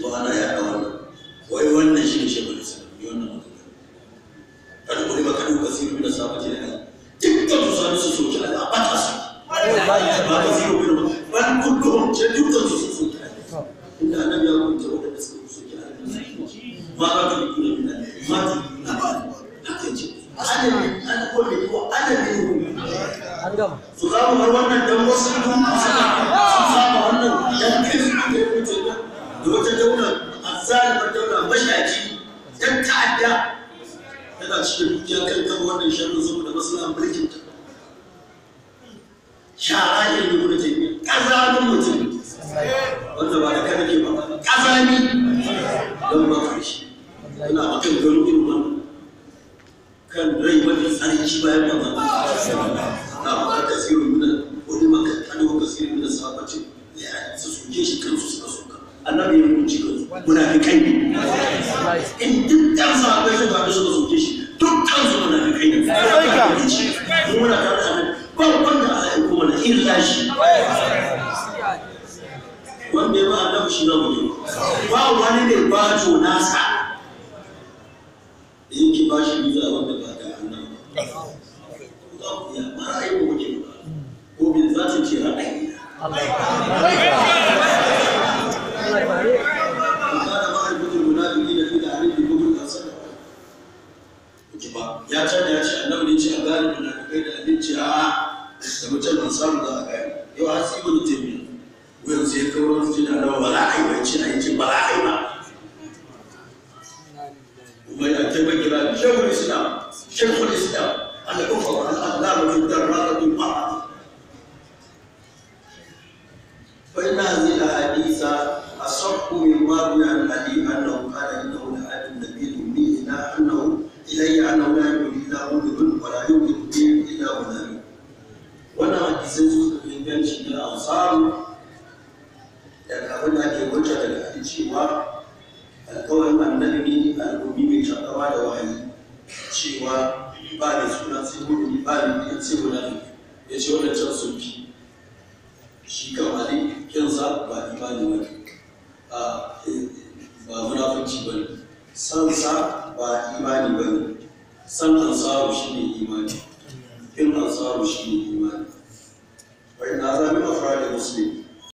zo ana ya wannan wai wannan shi ne shekaru sami wannan magana kada ku riba kada ku kasiru bin sahabat da ai dukkan su sami su soki Allah ba ta su ba ta zero bin ba ban kulluhum ce dukkan su su soki inda annabi ya kunta wadanda suka soki Allah ma ba ta kuna bin ma ta kuna ba haka ce adami an kome ko adami an gama su samu har wannan dan wasu su samu wannan dan kirista da ya mashaki dan ta'adda yana cikin dukiya kan kama wannan sharrin saboda maslahan mulkin ta shara irin da kuma taimiyya ƙazamin mutum wanda ba da kada ke ba ƙazami don ba karshe yana kan gano irin wannan kan rai mafi tsarki bayan ba ba shi muna fi kai in suka soke shi dukkan su muna fi kai mu muna ba wanda kuma na illa shi wanda ya ba shi ba wani ne ba to nasa yake ba shi biza wanda ba ta ba ku ba ba ko bin ce ra'ayi ya canza ya ce annabi ne ce a gane munafikai da abinci a da mutum ban samu za a gane yau har sai wani tebi wayan sai ya kawo wani fitina da ba za a yi ba ce na yi ci ba za a yi ba kuma ya ce bai kira shekul islam shekul islam da raka ina zila hadisa min bi an hadi sun zo da inganci na amsaru daga abin da ke wuce daga ake cewa alkawarin annabi ne al'ummi mai shakawa da wahayi cewa ba da suna sai mutum ba da mutum sai mutum ya ce wadancan sun fi shi kamali kinsa ba imani wani ba munafunci ba ne san sa ba imani ba ne san ansaru shi ne imani in ansaru shi ne imani but in Azam, a Friday sleep.